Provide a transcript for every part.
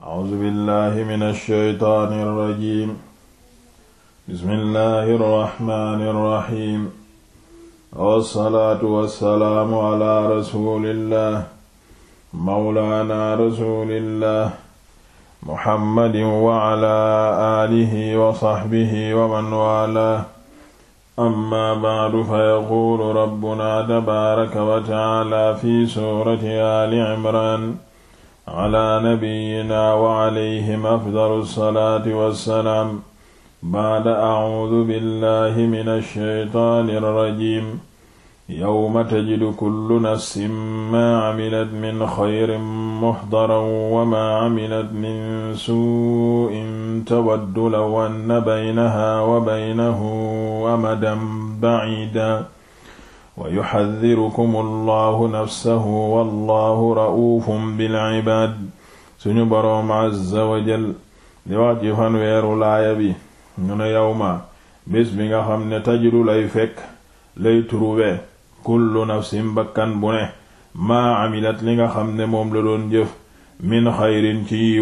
A'uuzu billahi mina shaytaani rajiim. Bismillahi rahmaani rahiim. Wassalaatu wassalaamu ala rasulillah. Mawlaana rasulillah. Muhammadin wa ala aalihi wa sahbihi wa man waalaahu. Amma ba'du fa yaquulu rabbunaa tabaaraka wa ta'aalaa fi suurati Aali Imraan. ala nabiyyina wa alayhim afdalu salaati wassalaam baada acuudu billahi min alsheytaani alrajim yowma tajidu kullu nafsin maa camilat min xayrin muxdaran wa maa camilat min suu'in tawaddu law anna baynaha wa baynahu amadan baciida wa yuxaddirukum allahu nafsahu wallahu raufum bilcibaad suñu boroom azza wa jal di wax ci fanweeru laaya bi ñu ne yawma bés bi nga xam ne tajidu lay fekk lay trouver kullu nafsin bakkan bu ne maa amilat li nga xam ne moom la doon jëf min xayrin ci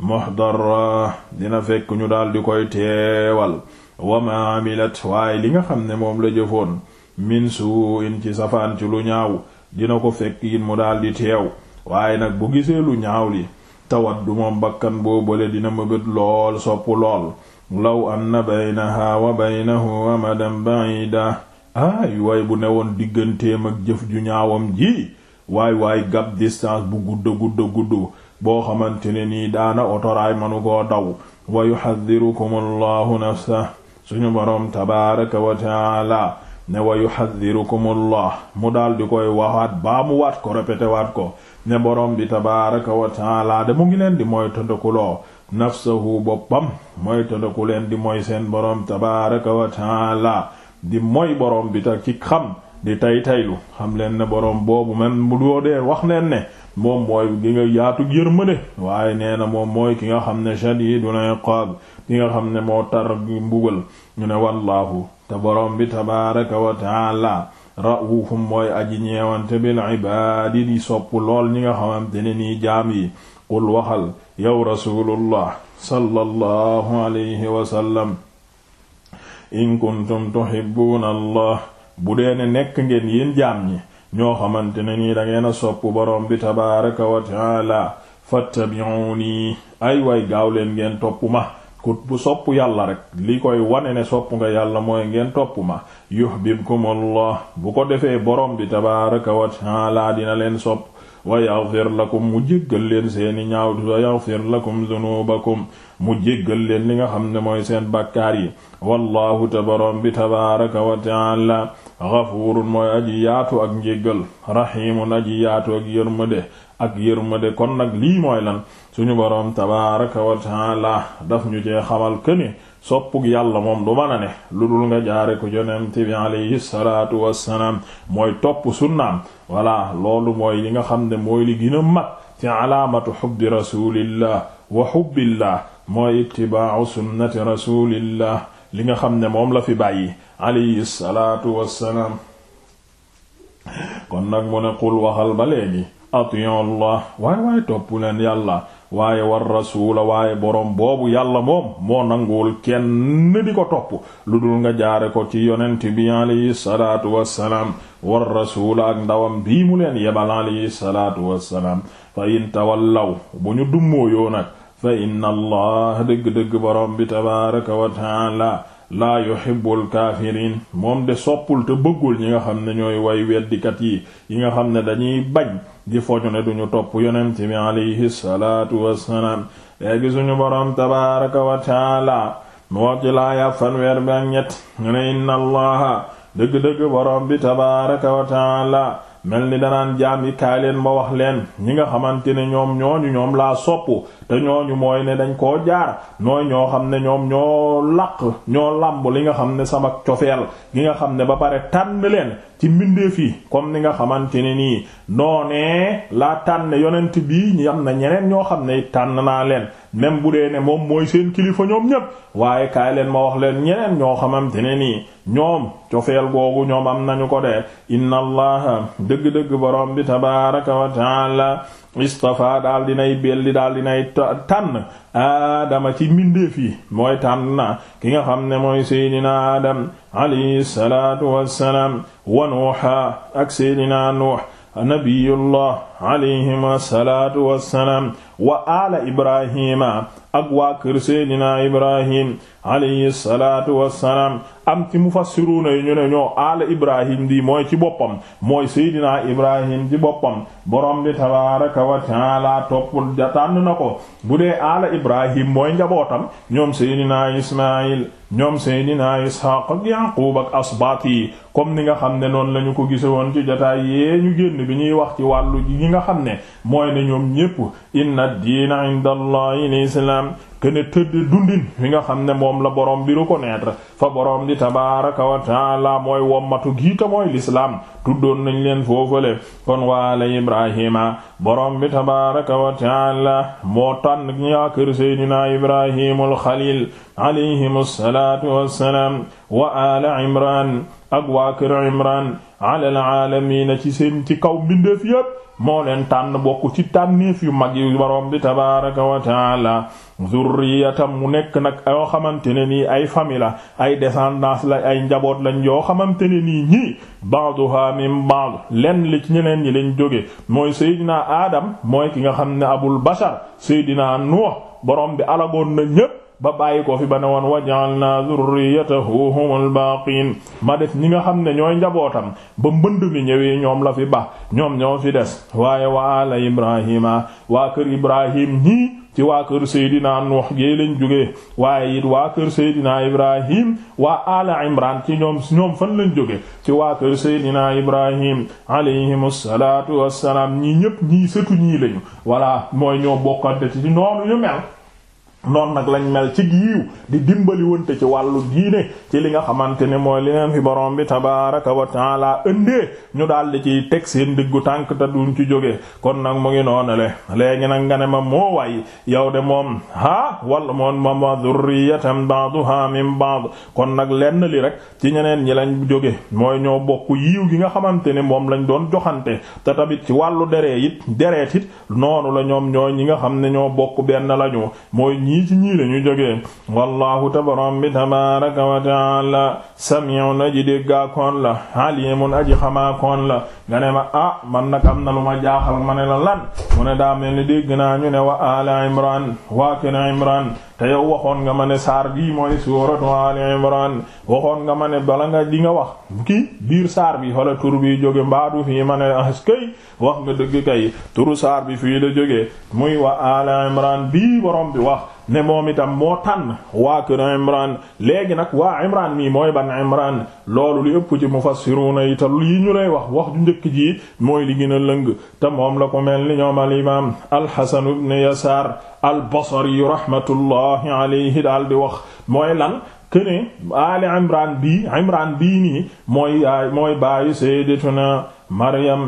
muxdara dina fekk ñu daldi koy teewal wa maa amilat waaye li nga xam ne moom la jëfoon min suu in safaan ci lu ñaaw dina ko fekk it mu daal di teew waaye nag bu gisee lu ñaaw li tawat du moom bakkan boobale dina mëbët lool sopp lool law na baynaha wa baynahu amadan ba'ida aay waay bu ne woon digganteem ak jëf ju ñaawam ji waay waay gab distance bu gudda gudda gudd boo xamante ne nii daana otoraay manu ko daw wa yuhaddirukum allahu nafsa suñu boroom tabaaraka wa taala ne wa yuhaddirukumullah mu daal di koy waxaat baa mu waat ko répété waat ko ne borom bi tabaaraka wa taala de mu ngi leen di mooy tëndakuloo nafsahu boppam mooy tëndaku leen di mooy seen borom tabaaraka wa taala di mooy borom bi ta ci xam di tey taylu xam leen ne borom boobu man mu doo dee wax leen ne moom mooy gi nga yaatu ma ne waaye nee na moom mooy ki nga xam ne shadidul iqaab ki nga xam ne moo tar mbugal ñu ne wallaahu te borom bi tabaaraka wa taala ra'uufum mooy aji ñeewante bil ibaadi di sopp lool ñi nga xamante ne nii jaam yi qul waxal yow rasulullah sallallahu alayhi wasallam in kuntum tuhibbuuna allah bu dee nekk ngeen yéen jaam ñi ñoo xamante ne nii da a sopp borom bi tabaaraka wa taala fattabi'uuni ay way gaaw leen ngeen topp ma ku bu sopp yàlla rek li koy wane ne sopp nga yàlla mooy ngeen topp ma yuhbibkumullah bu ko defee borom bi tabaaraka wa ta'ala dina leen sopp wa yaghfir lakum mu jéggal leen seeni ñaaw wa yaghfir lakum dhunubakum mu jéggal leen li nga xam ne mooy seen bàkkaar yi wallahu ta borom bi tabaaraka wa ta'ala xafuurun mooy aji yaatu ak njéggal raxiimun aji yaatu ak yërmande ak yërmande kon nag lii mooy lan suñu boroom tabaaraka wa taala daf ñu cee xamal këni soppug yàlla moom du mën a ne lu dul nga jaare ko yonent bi alayhi salaatu wassalaam mooy topp sunnaam wala loolu mooy li nga xam ne mooy li gina a mag ci alaamatu xubbi rasulillah wa xubbillah mooy ittibaau sunnati rasulillah li nga xam ne moom la fi bàyyi alayhi salaatu wassalaam kon nag mu ne qul waxal ba léegi atiyu allah waaye waaye topp yàlla waaye war rasuula waaye boroom boobu yàlla moom moo nanguwul kenn di ko topp lu dul nga jaare ko ci yonent bi alayhi salaatu wassalaam war rasuula ak ndawam bii mu leen yebal alayhi salaatu wassalaam fa in tawallaw bu ñu dummóoyoo nag fa inna allah dëgg-dëgg boroom bi tabaaraka wa taala laa yuhibbul kaafiriin moom de soppul te bëggul ñi nga xam ne ñooy way weddikat yi yi nga xam ne dañuy bañ di foñu ne duñu topp yonent bi alayhi salaatu wassalaam léegi suñu boroom tabaaraka wa taala mu wax ci laaya fanweer ba ñett ñu ne inna allaha dëgg-dëgg boroom bi tabaaraka wa taala mel ni danaan jaam yi kaay leen ma wax leen ñi nga xamante ne ñoom ñooñu ñoom laa sopp te ñooñu mooy ne dañ koo jaar nooy ñoo xam ne ñoom ñoo laq ñoo làmb li nga xam ne sama cofeel gi nga xam ne ba pare tànn leen ci mbindeef yi comme ni nga xamante ne nii noonee laa tànn yonent bii ñu am na ñeneen ñoo xam ne tànn naa leen même bu dee ne moom mooy seen kilifa ñoom ñépp waaye kaay leen ma wax leen ñeneen ñoo xamante ne nii ñoom cofeel googu ñoom am nañu ko de inna allaha dëgg-dëgg borom bi tabaraka wa taala istafa daal dinay belli daal dinay tànn aadama ci mbindeef yi mooy tànn na ki nga xam ne mooy seydina adam alayhi salaatu wassalaam wa nuuha ak seydina nuuh nabiyullah alayhim assalaatu wassalaam wa aala ibrahima ak waa kër seydina ibrahim alayhi salaatu wassalaam am ci mufassiruuna yi ñu ne ñoo aala ibrahim di mooy ci boppam mooy seydina ibrahim ci boppam borom bi tabaaraka wa taala topp na ko bu dee aala ibrahim mooy njabootam ñoom seydina ismail ñoom seydina ishaaq ak yaqub ak asbaat yi comme ni nga xam ne noonu la ñu ko gise woon ci jataay yee ñu génn bi ñuy wax ci wàllu yi nga xam ne mooy ne ñoom ñépp inna diina inda allahi lislaam kene tëdd dundin wi nga xam ne moom la borom bi reconnaître fa borom di tabaaraka wa taala mooy wommatu giita mooy lislaam tuddoon nañ leen foofale kon waala ibrahima borom bi tabaaraka wa taala moo tànn ñaa kër seydina ibrahimul xalil alayhimu salaatu wassalaam wa ala imran ak waa kër Imran alal aalamiina ci seen ci kaw mbindeef yépp moo leen tànn bokk ci tànneef yu mag yu borom bi tabaaraka wa taala zurriyatam mu nekk nag yoo xamante ne nii ay famille la ay descendance la ay njaboot lañ yoo xamante ne nii ñii ba'duha min ba'd lenn li ci ñeneen ñi lañ jóge mooy Seydina aadam mooy ki nga xam ne abul bashar Seydina Nuh borom bi alagoon na ñépp ba bàyyi ko fi ba na woon waj'alna dhurriyyatahu humul baaqiin ma def ñi nga xam ne ñooy njabootam ba mbënd mi ñëwee ñoom la fi ba ñoom ñoo fi des waaye waa ala ibrahima waa kër ibrahim ñii ci waa kër Seydina Nuux géey lañ jógee waaye it waa kër Seydina Ibrahim waa ala Imran ci ñoom ñoom fan lañ jóge ci waa kër Seydina Ibrahim alayhimu salaatu wassalaam ñii ñépp ñii sëtu ñii lañu voilà mooy ñoo bokkante ci noonu ñu mel noonu nag lañ mel ci giiw di dimbali wante ci wàllu diine ci li nga xamante ne mooy li leen fi borom bi tabaraka wa taala ëndee ñu daal di ciy teg seen diggu tànk te duñ ci jóge kon nag mu ngi noonu le léegi nag nga ne ma moo waay yow de moom ah wala moom moom wa zurriyatan ba'duha min ba'd kon nag lenn li rek ci ñeneen ñi lañ jóge mooy ñoo bokk yiiw gi nga xamante ne moom lañ doon joxante te tamit ci wàllu deree it dereet it noonu la ñoom ñooy ñi nga xam ne ñoo bokk benn lañu ñii ci ñii lañu jógee wallahu tabaram bi tabaraka wa taala sami'un aji déggaa koon la alimun aji xamaa koon la nga ne ma ah man nag am na lu ma jaaxal mane ne la lan mu ne daa ñu ne wa ala imran waa kene imran te yow waxoon nga ma ne saar bii mooy suuratu Ali Imran waxoon nga ma ne bala nga di nga wax kii biir saar bi wala tur bi jóge mbaadu fii ma ne askay ah wax nga dëgg kay turu saar bi fii la jógee muy wa Ali Imran bii borom bi wax ne moom itam moo tànn waa kër Imran léegi nag waa Imran mii mooy ban Imran loolu li ëpp ci mufassiruna yi te lii ñu lay wax wax ju njëkk ji mooy li gën a lëng te moom la ko mel ni ñoom al imaam al Hasan Yasaar al rahmatullahi alayhi daal di wax mooy lan kene aali imran bii imran bii nii mooy euh, mooy baayu sayyidatuna maryam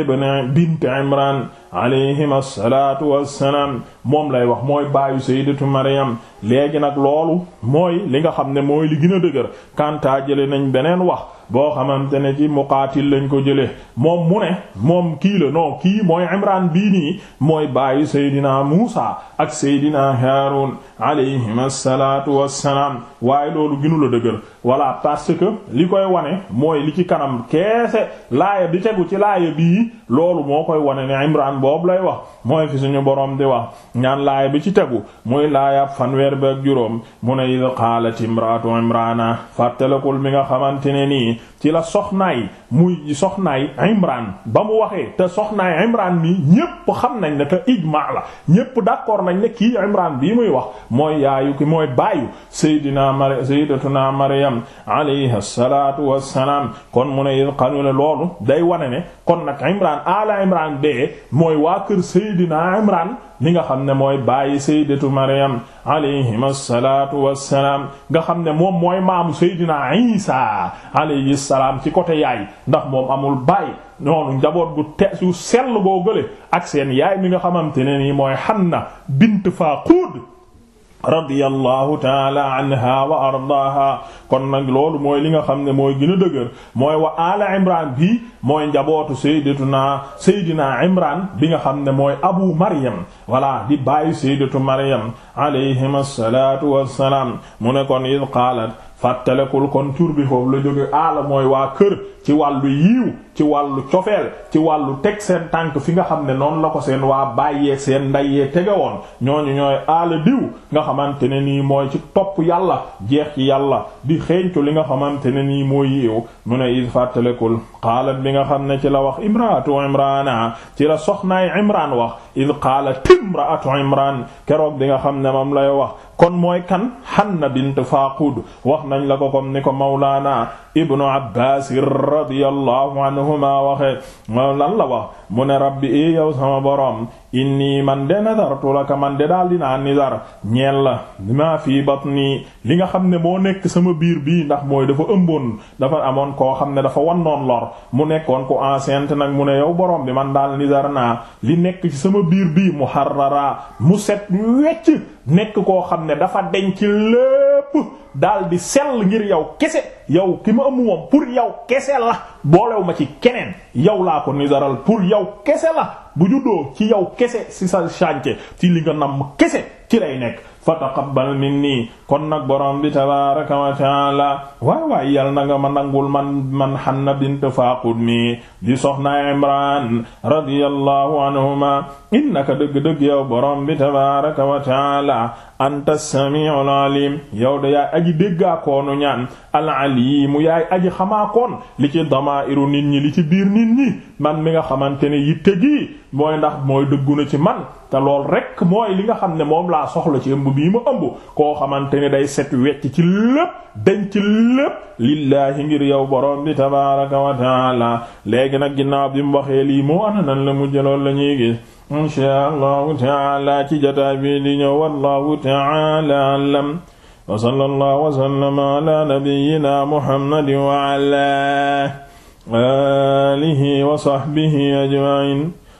ibn bint imran alayhim asalaatu wassalaam moom lay wax mooy baayu sayyidatu maryam léegi nag loolu mooy li nga xam ne mooy li gën a dëgër kanta jële nañ beneen wax boo xamante ne ci muqaatil lañ ko jëlee moom mu ne moom kii la non kii mooy imran bii nii mooy baayu seydina muusa ak seydina haarun alayhim assalaatu wassalaam waaye loolu ginu la dëgër voilà parce que li koy wane mooy li ci kanam keese laaya bi tegu ci laaya bii loolu moo koy wane ne imran boobu lay wax mooy fi suñu borom di wax ñaan laaya bi ci tegu mooy laaya fanweer bi ak juróom mu ne id qaalat imraatu imraana fàttalakul mi nga xamante ne nii ci la soxnaay muy soxnaay Imran ba mu waxee te soxnaay Imran mii ñépp xam nañ ne te ijmaa la ñépp d'accord nañ ne kii Imran bii muy wax mooy yaayu ki mooy baayu Seydina Mar Sayyidatuna kon mu ne day wane kon nag Imran ala Imran bee mooy waa kër Seydina Imran mi nga xam ne mooy bàyyi sayyidatu Maryam alayhim assalaatu wassalaam nga xam ne moom mooy maamu sayyidina Isa alayhi salaam ci côté yaay ndax moom amul baay noonu njaboot gu te su sell goo gële ak seen yaay mi nga xamante ne nii mooy Hanna bint Faqud radiyallahu taala anha wa ardaaha kon nag loolu mooy li nga xam ne mooy gën dëgër mooy wa ala imran bi mooy njabootu sayyidatuna sayyidina imran bi nga xam ne mooy abu maryam wala di bàyyi sayyidatu maryam alayhim assalatu wassalaam kon id qaalat fàttalekul kon tur bi foofu la jóge aala mooy waa kër ci wàllu yiiw ci wàllu cofeel ci wàllu teg seen tànk fi nga xam ne noonu la ko seen waa bàyyee seen ndayee tege woon ñooñu ñooy aala diw nga xamante ne nii mooy ci topp yàlla jeex ci yàlla di xeeñcu li nga xamante ne nii mooy yiiw mu ne it fàttalekul xaalat bi nga xam ne ci la wax imraatu imraana ci la soxnaay imraan wax id xaalat keroog bi nga xam ne moom lay wax kon mooy kan Hanna bint Faqud wax nañ la ko comme ni ko Mawlaana ibnu Abbaas radiyallahu anhuma waxe lan la wax mu ne rabbi i yow sama borom inni man de nadartu laka man de daal dinaa nidar ñeel la maa fii batni li nga xam ne moo nekk sama biir bii ndax mooy dafa ëmboon dafa amoon koo xam ne dafa wannoon lor mu nekkoon ko enceinte nag mu ne yow borom bi man daal nidar naa li nekk ci sama biir bii muharrara mu set wecc nekk koo xam ne dafa denc lépp daal di sell ngir yow kese yow ki ma ëmb moom pour yow kese la boolew ma ci keneen yow laa ko ni daral pour yow kese la bu juddoo ci yow kese ci sal chantier ci li nga namm kese ci lay nekk fa taqabbal minni kon nag borom bi tabaaraka wa taala waay waay yal na nga ma nangul man man Hanna bint Faaqud mi di soxna Imraan radiyallahu anhuma innaka dëgg-dëgg yow borom bi tabaaraka wa taala anta sami'ul alim yow de yaay aji déggaakoonu ñaan al alimu yaay aji xamaakoon li ci damaa'iru nit ñi li ci biir nit ñi man mi nga xamante ne yitte gi mooy ndax mooy dëggu ci man te lool rekk mooy li nga xam ne moom laa soxla ci ëmb bii ma ëmb koo xamante ne day set wecc ci lépp dañ ci lépp lillaahi ngir yow borom bi tabaaraka wa taala léegi nag ginnaaw bi mu waxee lii moo ana nan la mujj lool la ñuy gis inshaa allahu taala ci jotaay bi di ñëw wallahu taala alam wa sallallahu wa sallama ala nabiyyina muhammadin wa ala wa sahbihi ajma'in